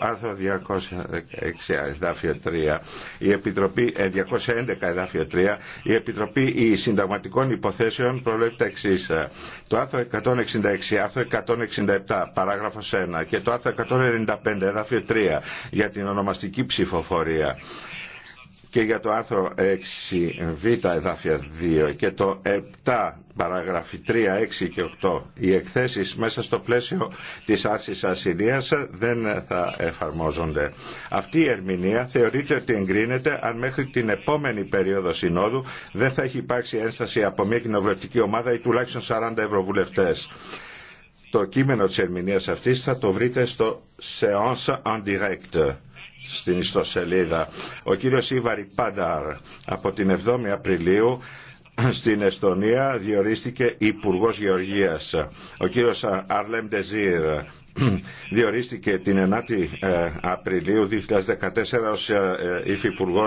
άρθρο 216 εδάφιο 3, η Επιτροπή, 211 ε, εδάφιο 3, η Επιτροπή η Συνταγματικών Υποθέσεων προβλέπει τα εξή. Το άρθρο 166, άρθρο 167, παράγραφος 1 και το άρθρο 195 εδάφιο 3 για την ονομαστική ψηφοφορία και για το άρθρο 6β εδάφια 2 και το 7 παραγραφή 3, 6 και 8 οι εκθέσεις μέσα στο πλαίσιο της άρσης ασυλίας δεν θα εφαρμόζονται. Αυτή η ερμηνεία θεωρείται ότι εγκρίνεται αν μέχρι την επόμενη περίοδο συνόδου δεν θα έχει υπάρξει ένσταση από μια κοινοβουλευτική ομάδα ή τουλάχιστον 40 ευρωβουλευτές. Το κείμενο της ερμηνείας αυτής θα το βρείτε στο Seance en Direct στην ιστοσελίδα. Ο κύριος Ιβαρη Πάνταρ από την 7η Απριλίου στην Εστονία διορίστηκε Υπουργό Γεωργίας. Ο κύριος Αρλέμ Ντεζίρ διορίστηκε την 9η ε, Απριλίου 2014 ως ε, ε, Υφυπουργό